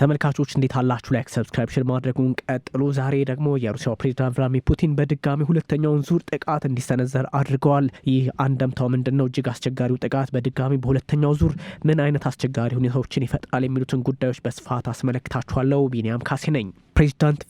ተመልካቾች እንዴት አላችሁ? ላይክ ሰብስክራይብሽን ማድረጉን ቀጥሉ ዛሬ ደግሞ የሩሲያው ፕሬዚዳንት ቭላድሚር ፑቲን በድጋሚ ሁለተኛውን ዙር ጥቃት እንዲሰነዘር አድርገዋል። ይህ አንደምታው ምንድን ነው? እጅግ አስቸጋሪው ጥቃት በድጋሚ በሁለተኛው ዙር ምን አይነት አስቸጋሪ ሁኔታዎችን ይፈጥራል የሚሉትን ጉዳዮች በስፋት አስመለክታችኋለሁ። ቢኒያም ካሴ ነኝ። ፕሬዚዳንት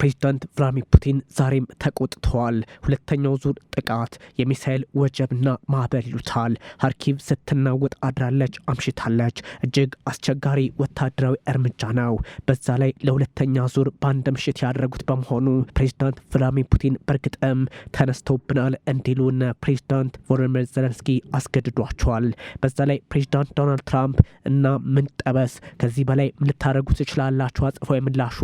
ፕሬዚዳንት ቭላዲሚር ፑቲን ዛሬም ተቆጥተዋል። ሁለተኛው ዙር ጥቃት የሚሳኤል ወጀብና ማዕበል ይሉታል። ሀርኪቭ ስትናወጥ አድራለች፣ አምሽታለች። እጅግ አስቸጋሪ ወታደራዊ እርምጃ ነው። በዛ ላይ ለሁለተኛ ዙር በአንድ ምሽት ያደረጉት በመሆኑ ፕሬዚዳንት ቭላዲሚር ፑቲን በእርግጥም ተነስተውብናል እንዲሉን ፕሬዚዳንት ቮሎዲሚር ዘለንስኪ አስገድዷቸዋል። በዛ ላይ ፕሬዚዳንት ዶናልድ ትራምፕ እና ምን ጠበስ ከዚህ በላይ ልታደረጉ ትችላላችሁ አጽፋዊ የምላሹ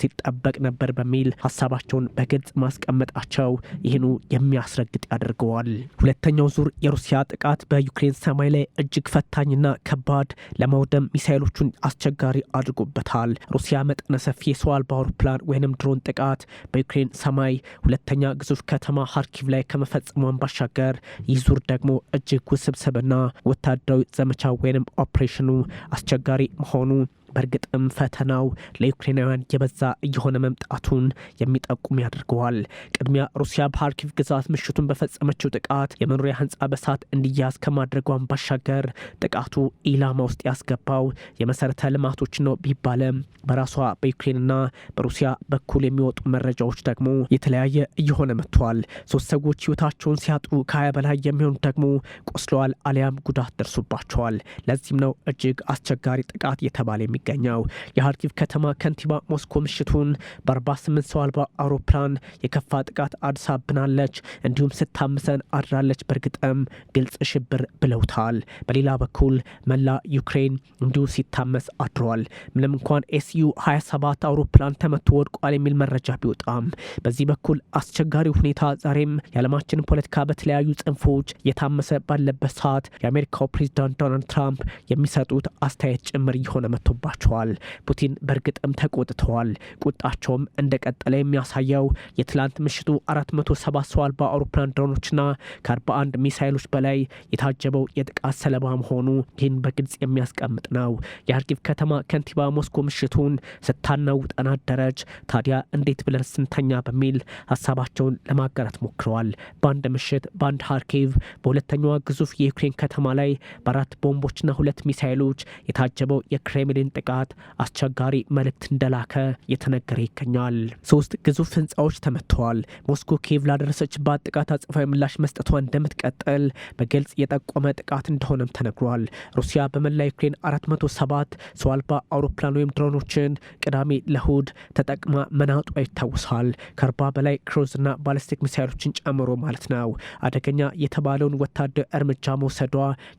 ሲጠበቅ ነበር በሚል ሀሳባቸውን በግልጽ ማስቀመጣቸው ይህኑ የሚያስረግጥ ያደርገዋል። ሁለተኛው ዙር የሩሲያ ጥቃት በዩክሬን ሰማይ ላይ እጅግ ፈታኝና ከባድ ለማውደም ሚሳይሎቹን አስቸጋሪ አድርጎበታል። ሩሲያ መጠነ ሰፊ የሰው አልባ አውሮፕላን ወይንም ድሮን ጥቃት በዩክሬን ሰማይ ሁለተኛ ግዙፍ ከተማ ሀርኪቭ ላይ ከመፈጸሟን ባሻገር ይህ ዙር ደግሞ እጅግ ውስብስብና ወታደራዊ ዘመቻ ወይንም ኦፕሬሽኑ አስቸጋሪ መሆኑ በእርግጥም ፈተናው ለዩክሬናውያን የበዛ እየሆነ መምጣቱን የሚጠቁም ያደርገዋል። ቅድሚያ ሩሲያ በሃርኪቭ ግዛት ምሽቱን በፈጸመችው ጥቃት የመኖሪያ ህንፃ በሳት እንዲያዝ ከማድረጓን ባሻገር ጥቃቱ ኢላማ ውስጥ ያስገባው የመሰረተ ልማቶች ነው ቢባለም በራሷ በዩክሬንና በሩሲያ በኩል የሚወጡ መረጃዎች ደግሞ የተለያየ እየሆነ መጥቷል። ሶስት ሰዎች ህይወታቸውን ሲያጡ ከሀያ በላይ የሚሆኑ ደግሞ ቆስለዋል አሊያም ጉዳት ደርሶባቸዋል። ለዚህም ነው እጅግ አስቸጋሪ ጥቃት የተባለ የሚገ የሚገኘው። የሀርኪቭ ከተማ ከንቲባ ሞስኮ ምሽቱን በ48 ሰው አልባ አውሮፕላን የከፋ ጥቃት አድሳብናለች፣ እንዲሁም ስታምሰን አድራለች፣ በእርግጥም ግልጽ ሽብር ብለውታል። በሌላ በኩል መላ ዩክሬን እንዲሁ ሲታመስ አድሯል። ምንም እንኳን ኤስዩ 27 አውሮፕላን ተመቶ ወድቋል የሚል መረጃ ቢወጣም፣ በዚህ በኩል አስቸጋሪ ሁኔታ ዛሬም የዓለማችን ፖለቲካ በተለያዩ ጽንፎች የታመሰ ባለበት ሰዓት የአሜሪካው ፕሬዚዳንት ዶናልድ ትራምፕ የሚሰጡት አስተያየት ጭምር እየሆነ መጥቶባቸዋል። ተናግሯቸዋል። ፑቲን በእርግጥም ተቆጥተዋል። ቁጣቸውም እንደቀጠለ የሚያሳየው የትላንት ምሽቱ 470 ሰው አልባ አውሮፕላን ድሮኖችና ከ41 ሚሳይሎች በላይ የታጀበው የጥቃት ሰለባ መሆኑ ይህን በግልጽ የሚያስቀምጥ ነው። የአርኪቭ ከተማ ከንቲባ ሞስኮ ምሽቱን ስታናውጠን አደረች፣ ታዲያ እንዴት ብለን ስንተኛ በሚል ሀሳባቸውን ለማጋራት ሞክረዋል። በአንድ ምሽት በአንድ ሃርኪቭ በሁለተኛዋ ግዙፍ የዩክሬን ከተማ ላይ በአራት ቦምቦችና ሁለት ሚሳይሎች የታጀበው የክሬምሊን ጥቃት አስቸጋሪ መልእክት እንደላከ እየተነገረ ይገኛል። ሶስት ግዙፍ ህንፃዎች ተመትተዋል። ሞስኮ ኪየቭ ላደረሰችባት ጥቃት አጽፋዊ ምላሽ መስጠቷ እንደምትቀጥል በግልጽ የጠቆመ ጥቃት እንደሆነም ተነግሯል። ሩሲያ በመላ ዩክሬን 407 ሰው አልባ አውሮፕላን ወይም ድሮኖችን ቅዳሜ ለእሁድ ተጠቅማ መናጧ ይታወሳል። ከርባ በላይ ክሮዝና ባለስቲክ ሚሳይሎችን ጨምሮ ማለት ነው። አደገኛ የተባለውን ወታደር እርምጃ መውሰዷ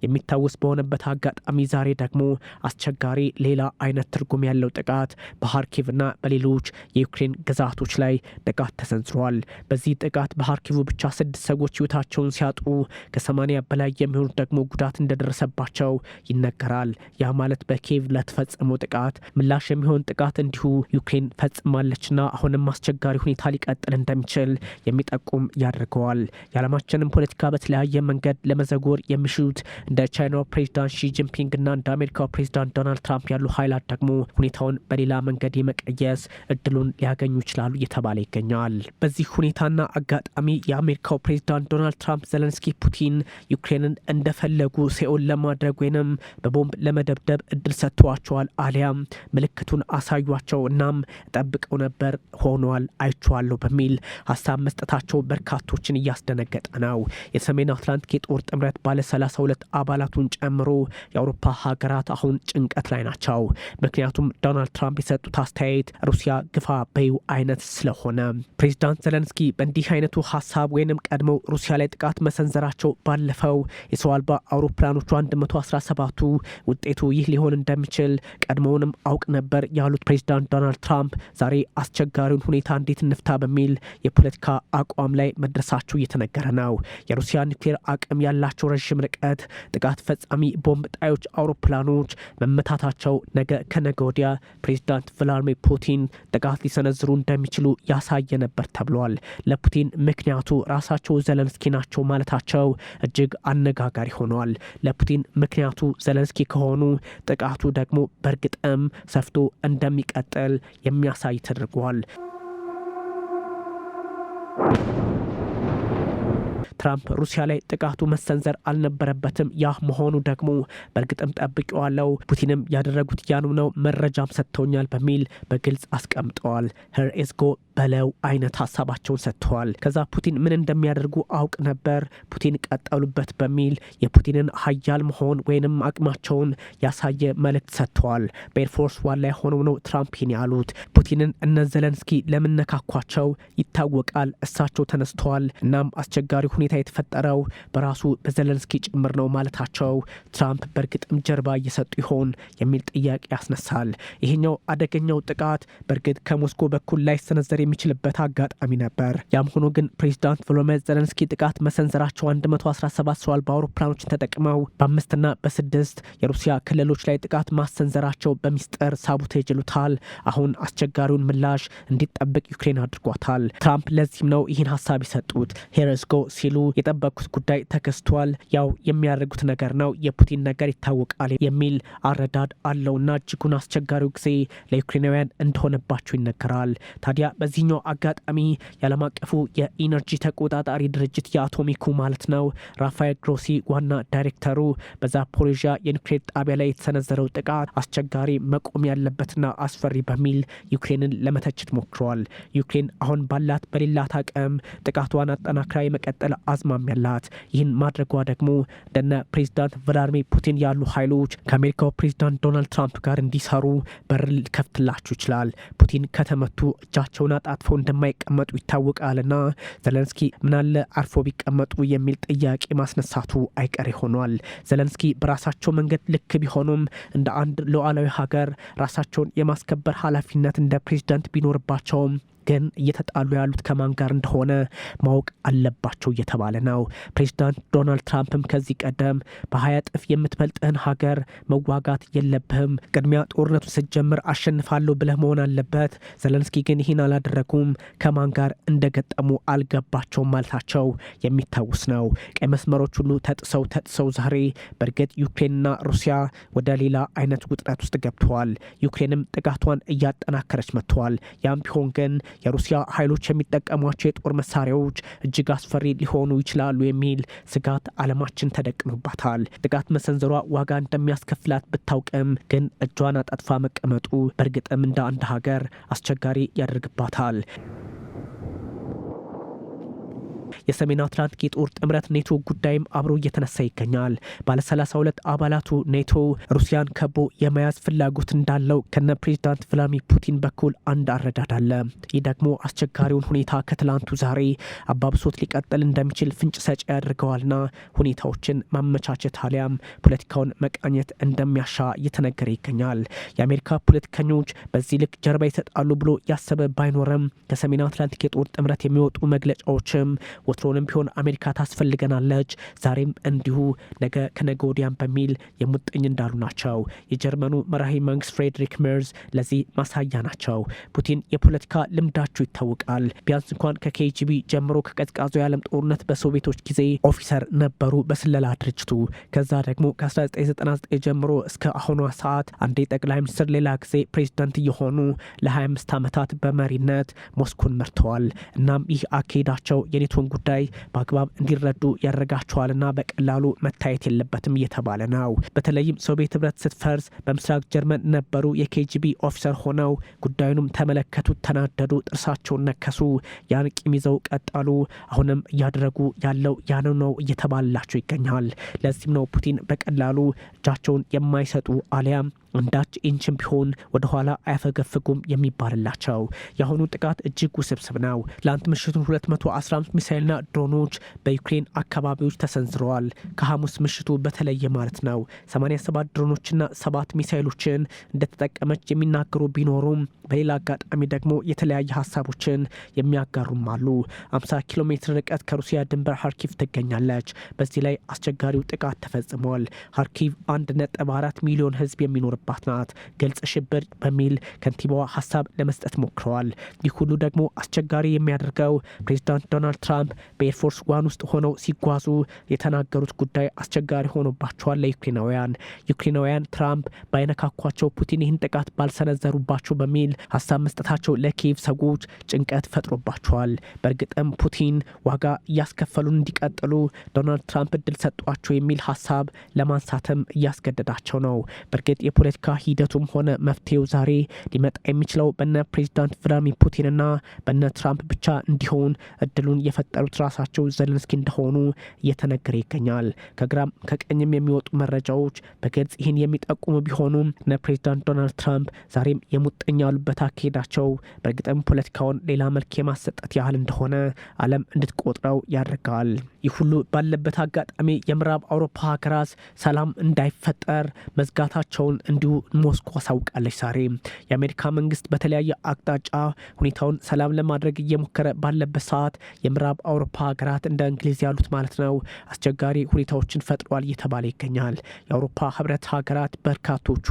የሚታወስ በሆነበት አጋጣሚ ዛሬ ደግሞ አስቸጋሪ ሌላ አይነት ትርጉም ያለው ጥቃት ና በሌሎች የዩክሬን ግዛቶች ላይ ጥቃት ተሰንዝሯል። በዚህ ጥቃት በሃርኪቭ ብቻ ስድስት ሰዎች ህይወታቸውን ሲያጡ ከሰማኒያ በላይ የሚሆኑት ደግሞ ጉዳት እንደደረሰባቸው ይነገራል። ያ ማለት በኬቭ ለተፈጸመው ጥቃት ምላሽ የሚሆን ጥቃት እንዲሁ ዩክሬን ፈጽማለችና አሁንም አስቸጋሪ ሁኔታ ሊቀጥል እንደሚችል የሚጠቁም ያደርገዋል። የዓለማችንን ፖለቲካ በተለያየ መንገድ ለመዘጎር የሚሽዩት እንደ ቻይናው ፕሬዚዳንት ሺ ጂንፒንግና እንደ አሜሪካው ፕሬዚዳንት ዶናልድ ትራምፕ ያሉ ኃይላት ደግሞ ሁኔታውን በሌላ መንገድ የመቀየስ እድሉን ሊያገኙ ይችላሉ እየተባለ ይገኛል። በዚህ ሁኔታና አጋጣሚ የአሜሪካው ፕሬዚዳንት ዶናልድ ትራምፕ ዘለንስኪ ፑቲን ዩክሬንን እንደፈለጉ ሴኦል ለማድረግ ወይንም በቦምብ ለመደብደብ እድል ሰጥተዋቸዋል፣ አሊያም ምልክቱን አሳዩቸው። እናም ጠብቀው ነበር ሆኗል፣ አይቼዋለሁ በሚል ሀሳብ መስጠታቸው በርካቶችን እያስደነገጠ ነው። የሰሜን አትላንቲክ የጦር ጥምረት ባለ ሰላሳ ሁለት አባላቱን ጨምሮ የአውሮፓ ሀገራት አሁን ጭንቀት ላይ ናቸው። ምክንያቱም ዶናልድ ትራምፕ የሰጡት አስተያየት ሩሲያ ግፋ በዩ አይነት ስለሆነ ፕሬዚዳንት ዘለንስኪ በእንዲህ አይነቱ ሀሳብ ወይንም ቀድመው ሩሲያ ላይ ጥቃት መሰንዘራቸው ባለፈው የሰው አልባ አውሮፕላኖቹ 117ቱ ውጤቱ ይህ ሊሆን እንደሚችል ቀድሞውንም አውቅ ነበር ያሉት ፕሬዚዳንት ዶናልድ ትራምፕ ዛሬ አስቸጋሪውን ሁኔታ እንዴት እንፍታ በሚል የፖለቲካ አቋም ላይ መድረሳቸው እየተነገረ ነው። የሩሲያ ኒውክሌር አቅም ያላቸው ረዥም ርቀት ጥቃት ፈጻሚ ቦምብ ጣዮች አውሮፕላኖች መመታታቸው ነገ ከነገ ወዲያ ፕሬዚዳንት ቭላድሚር ፑቲን ጥቃት ሊሰነዝሩ እንደሚችሉ ያሳየ ነበር ተብሏል። ለፑቲን ምክንያቱ ራሳቸው ዘለንስኪ ናቸው ማለታቸው እጅግ አነጋጋሪ ሆኗል። ለፑቲን ምክንያቱ ዘለንስኪ ከሆኑ ጥቃቱ ደግሞ በእርግጥም ሰፍቶ እንደሚቀጥል የሚያሳይ ተደርጓል። ትራምፕ ሩሲያ ላይ ጥቃቱ መሰንዘር አልነበረበትም፣ ያ መሆኑ ደግሞ በእርግጥም ጠብቄዋለሁ፣ ፑቲንም ያደረጉት ያኑ ነው፣ መረጃም ሰጥተውኛል በሚል በግልጽ አስቀምጠዋል። ሄር ጎ በለው አይነት ሀሳባቸውን ሰጥተዋል። ከዛ ፑቲን ምን እንደሚያደርጉ አውቅ ነበር፣ ፑቲን ቀጠሉበት በሚል የፑቲንን ሀያል መሆን ወይንም አቅማቸውን ያሳየ መልእክት ሰጥተዋል። በኤርፎርስ ዋን ላይ ሆነው ነው ትራምፕን ያሉት። ፑቲንን እነ ዘለንስኪ ለምነካኳቸው ይታወቃል፣ እሳቸው ተነስተዋል። እናም አስቸጋሪ ሁኔታ የተፈጠረው በራሱ በዘለንስኪ ጭምር ነው ማለታቸው ትራምፕ በእርግጥም ጀርባ እየሰጡ ይሆን የሚል ጥያቄ ያስነሳል። ይሄኛው አደገኛው ጥቃት በእርግጥ ከሞስኮ በኩል ላይ ሰነዘር የሚችልበት አጋጣሚ ነበር። ያም ሆኖ ግን ፕሬዚዳንት ቮሎሜር ዘለንስኪ ጥቃት መሰንዘራቸው 117 ሰው አልባ አውሮፕላኖችን ተጠቅመው በአምስትና በስድስት የሩሲያ ክልሎች ላይ ጥቃት ማሰንዘራቸው በሚስጥር ሳቡት ይችሉታል። አሁን አስቸጋሪውን ምላሽ እንዲጠብቅ ዩክሬን አድርጓታል። ትራምፕ ለዚህም ነው ይህን ሀሳብ የሰጡት። ሄረስጎ ሲሉ የጠበቅኩት ጉዳይ ተከስቷል፣ ያው የሚያደርጉት ነገር ነው፣ የፑቲን ነገር ይታወቃል የሚል አረዳድ አለውና እጅጉን አስቸጋሪው ጊዜ ለዩክሬናውያን እንደሆነባቸው ይነገራል። ታዲያ በዚህ በዚህኛው አጋጣሚ የዓለም አቀፉ የኢነርጂ ተቆጣጣሪ ድርጅት የአቶሚኩ ማለት ነው ራፋኤል ግሮሲ ዋና ዳይሬክተሩ በዛፖሬዣ የኒውክሌር ጣቢያ ላይ የተሰነዘረው ጥቃት አስቸጋሪ መቆም ያለበትና አስፈሪ በሚል ዩክሬንን ለመተችት ሞክረዋል። ዩክሬን አሁን ባላት በሌላት አቅም ጥቃቷን አጠናክራ የመቀጠል አዝማሚ ያላት ይህን ማድረጓ ደግሞ እንደነ ፕሬዚዳንት ቭላድሚር ፑቲን ያሉ ኃይሎች ከአሜሪካው ፕሬዚዳንት ዶናልድ ትራምፕ ጋር እንዲሰሩ በር ሊከፍትላቸው ይችላል። ፑቲን ከተመቱ እጃቸውን ተጣጥፎ እንደማይቀመጡ ይታወቃልና ዘለንስኪ ምናለ አርፎ ቢቀመጡ የሚል ጥያቄ ማስነሳቱ አይቀሬ ሆኗል። ዘለንስኪ በራሳቸው መንገድ ልክ ቢሆኑም እንደ አንድ ሉዓላዊ ሀገር ራሳቸውን የማስከበር ኃላፊነት እንደ ፕሬዚዳንት ቢኖርባቸውም ግን እየተጣሉ ያሉት ከማን ጋር እንደሆነ ማወቅ አለባቸው እየተባለ ነው። ፕሬዚዳንት ዶናልድ ትራምፕም ከዚህ ቀደም በሀያ እጥፍ የምትበልጥህን ሀገር መዋጋት የለብህም፣ ቅድሚያ ጦርነቱን ስትጀምር አሸንፋለሁ ብለህ መሆን አለበት። ዘለንስኪ ግን ይህን አላደረጉም። ከማን ጋር እንደገጠሙ አልገባቸውም ማለታቸው የሚታወስ ነው። ቀይ መስመሮች ሁሉ ተጥሰው ተጥሰው ዛሬ በእርግጥ ዩክሬንና ሩሲያ ወደ ሌላ አይነት ውጥረት ውስጥ ገብተዋል። ዩክሬንም ጥቃቷን እያጠናከረች መጥተዋል። ያም ቢሆን ግን የሩሲያ ኃይሎች የሚጠቀሟቸው የጦር መሳሪያዎች እጅግ አስፈሪ ሊሆኑ ይችላሉ የሚል ስጋት አለማችን ተደቅኖባታል። ጥቃት መሰንዘሯ ዋጋ እንደሚያስከፍላት ብታውቅም ግን እጇን አጣጥፋ መቀመጡ በእርግጥም እንደ አንድ ሀገር አስቸጋሪ ያደርግባታል። የሰሜን አትላንቲክ የጦር ጥምረት ኔቶ ጉዳይም አብሮ እየተነሳ ይገኛል። ባለ 32 አባላቱ ኔቶ ሩሲያን ከቦ የመያዝ ፍላጎት እንዳለው ከነ ፕሬዚዳንት ቭላዲሚር ፑቲን በኩል አንድ አረዳድ አለ። ይህ ደግሞ አስቸጋሪውን ሁኔታ ከትላንቱ ዛሬ አባብሶት ሊቀጥል እንደሚችል ፍንጭ ሰጪ ያደርገዋልና ሁኔታዎችን ማመቻቸት አሊያም ፖለቲካውን መቃኘት እንደሚያሻ እየተነገረ ይገኛል። የአሜሪካ ፖለቲከኞች በዚህ ልክ ጀርባ ይሰጣሉ ብሎ ያሰበ ባይኖርም ከሰሜን አትላንቲክ የጦር ጥምረት የሚወጡ መግለጫዎችም ወትሮንም ቢሆን አሜሪካ ታስፈልገናለች፣ ዛሬም እንዲሁ ነገ ከነገ ወዲያም በሚል የሙጥኝ እንዳሉ ናቸው። የጀርመኑ መራሄ መንግስት ፍሬድሪክ ሜርዝ ለዚህ ማሳያ ናቸው። ፑቲን የፖለቲካ ልምዳችሁ ይታወቃል። ቢያንስ እንኳን ከኬጂቢ ጀምሮ ከቀዝቃዛው የዓለም ጦርነት በሶቪየቶች ጊዜ ኦፊሰር ነበሩ በስለላ ድርጅቱ። ከዛ ደግሞ ከ1999 ጀምሮ እስከ አሁኗ ሰዓት አንዴ ጠቅላይ ሚኒስትር፣ ሌላ ጊዜ ፕሬዚደንት እየሆኑ ለ25 ዓመታት በመሪነት ሞስኮን መርተዋል። እናም ይህ አካሄዳቸው የኔቶን ጉዳይ በአግባብ እንዲረዱ ያደረጋቸዋልና በቀላሉ መታየት የለበትም እየተባለ ነው። በተለይም ሶቪየት ህብረት ስትፈርስ በምስራቅ ጀርመን ነበሩ የኬጂቢ ኦፊሰር ሆነው ጉዳዩንም ተመለከቱት፣ ተናደዱ፣ ጥርሳቸውን ነከሱ፣ ያን ቂም ይዘው ቀጠሉ። አሁንም እያደረጉ ያለው ያን ነው እየተባለላቸው ይገኛል። ለዚህም ነው ፑቲን በቀላሉ እጃቸውን የማይሰጡ አሊያም አንዳች ኢንችም ቢሆን ወደኋላ አያፈገፍጉም የሚባልላቸው የአሁኑ ጥቃት እጅግ ውስብስብ ነው። ትላንት ምሽቱን 215 ሚሳይልና ድሮኖች በዩክሬን አካባቢዎች ተሰንዝረዋል። ከሐሙስ ምሽቱ በተለየ ማለት ነው። 87 ድሮኖችና ሰባት ሚሳይሎችን እንደተጠቀመች የሚናገሩ ቢኖሩም በሌላ አጋጣሚ ደግሞ የተለያየ ሀሳቦችን የሚያጋሩም አሉ። 50 ኪሎ ሜትር ርቀት ከሩሲያ ድንበር ሀርኪቭ ትገኛለች። በዚህ ላይ አስቸጋሪው ጥቃት ተፈጽሟል። ሀርኪቭ 1.4 ሚሊዮን ህዝብ የሚኖር የሚኖርባት ናት። ግልጽ ሽብር በሚል ከንቲባዋ ሀሳብ ለመስጠት ሞክረዋል። ይህ ሁሉ ደግሞ አስቸጋሪ የሚያደርገው ፕሬዚዳንት ዶናልድ ትራምፕ በኤርፎርስ ዋን ውስጥ ሆነው ሲጓዙ የተናገሩት ጉዳይ አስቸጋሪ ሆኖባቸዋል ለዩክሬናውያን። ዩክሬናውያን ትራምፕ ባይነካኳቸው ፑቲን ይህን ጥቃት ባልሰነዘሩባቸው በሚል ሀሳብ መስጠታቸው ለኪየቭ ሰዎች ጭንቀት ፈጥሮባቸዋል። በእርግጥም ፑቲን ዋጋ እያስከፈሉን እንዲቀጥሉ ዶናልድ ትራምፕ እድል ሰጧቸው የሚል ሀሳብ ለማንሳትም እያስገደዳቸው ነው። በእርግጥ የፖለቲካ ሂደቱም ሆነ መፍትሄው ዛሬ ሊመጣ የሚችለው በነ ፕሬዚዳንት ቭላድሚር ፑቲንና በነ ትራምፕ ብቻ እንዲሆን እድሉን የፈጠሩት ራሳቸው ዘለንስኪ እንደሆኑ እየተነገረ ይገኛል። ከግራም ከቀኝም የሚወጡ መረጃዎች በግልጽ ይህን የሚጠቁሙ ቢሆኑም እነ ፕሬዚዳንት ዶናልድ ትራምፕ ዛሬም የሙጥኝ ያሉበት አካሄዳቸው በእርግጥም ፖለቲካውን ሌላ መልክ የማሰጠት ያህል እንደሆነ ዓለም እንድትቆጥረው ያደርጋል። ይህ ሁሉ ባለበት አጋጣሚ የምዕራብ አውሮፓ ሀገራት ሰላም እንዳይፈጠር መዝጋታቸውን እንዲሁ ሞስኮ አሳውቃለች። ዛሬ የአሜሪካ መንግስት በተለያየ አቅጣጫ ሁኔታውን ሰላም ለማድረግ እየሞከረ ባለበት ሰዓት የምዕራብ አውሮፓ ሀገራት እንደ እንግሊዝ ያሉት ማለት ነው አስቸጋሪ ሁኔታዎችን ፈጥሯል እየተባለ ይገኛል። የአውሮፓ ህብረት ሀገራት በርካቶቹ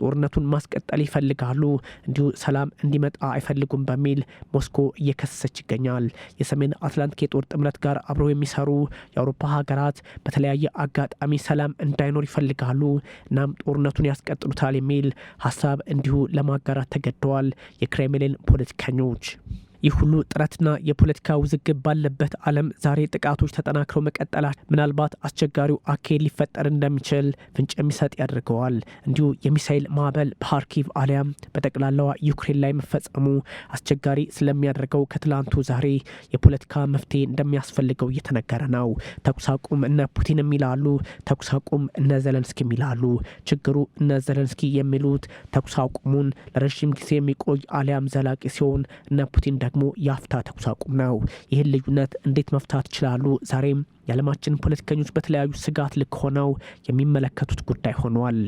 ጦርነቱን ማስቀጠል ይፈልጋሉ፣ እንዲሁ ሰላም እንዲመጣ አይፈልጉም በሚል ሞስኮ እየከሰሰች ይገኛል። የሰሜን አትላንቲክ የጦር ጥምረት ጋር አብረው የሚሰሩ የአውሮፓ ሀገራት በተለያየ አጋጣሚ ሰላም እንዳይኖር ይፈልጋሉ። እናም ጦርነቱን ያስቀጥሉ ይቀጥሉታል የሚል ሀሳብ እንዲሁ ለማጋራት ተገደዋል የክሬምሊን ፖለቲከኞች። ይህ ሁሉ ጥረትና የፖለቲካ ውዝግብ ባለበት ዓለም ዛሬ ጥቃቶች ተጠናክረው መቀጠላቸው ምናልባት አስቸጋሪው አካሄድ ሊፈጠር እንደሚችል ፍንጭ የሚሰጥ ያደርገዋል። እንዲሁ የሚሳይል ማዕበል በሃርኪቭ አሊያም በጠቅላላዋ ዩክሬን ላይ መፈጸሙ አስቸጋሪ ስለሚያደርገው ከትላንቱ ዛሬ የፖለቲካ መፍትሄ እንደሚያስፈልገው እየተነገረ ነው። ተኩስ አቁም እነ ፑቲን ይላሉ፣ ተኩስ አቁም እነ ዘለንስኪ ይላሉ። ችግሩ እነ ዘለንስኪ የሚሉት ተኩስ አቁሙን ለረዥም ጊዜ የሚቆይ አሊያም ዘላቂ ሲሆን እነ ፑቲን ደግሞ የአፍታ ተኩስ አቁም ነው። ይህን ልዩነት እንዴት መፍታት ይችላሉ? ዛሬም የዓለማችን ፖለቲከኞች በተለያዩ ስጋት ልክ ሆነው የሚመለከቱት ጉዳይ ሆኗል።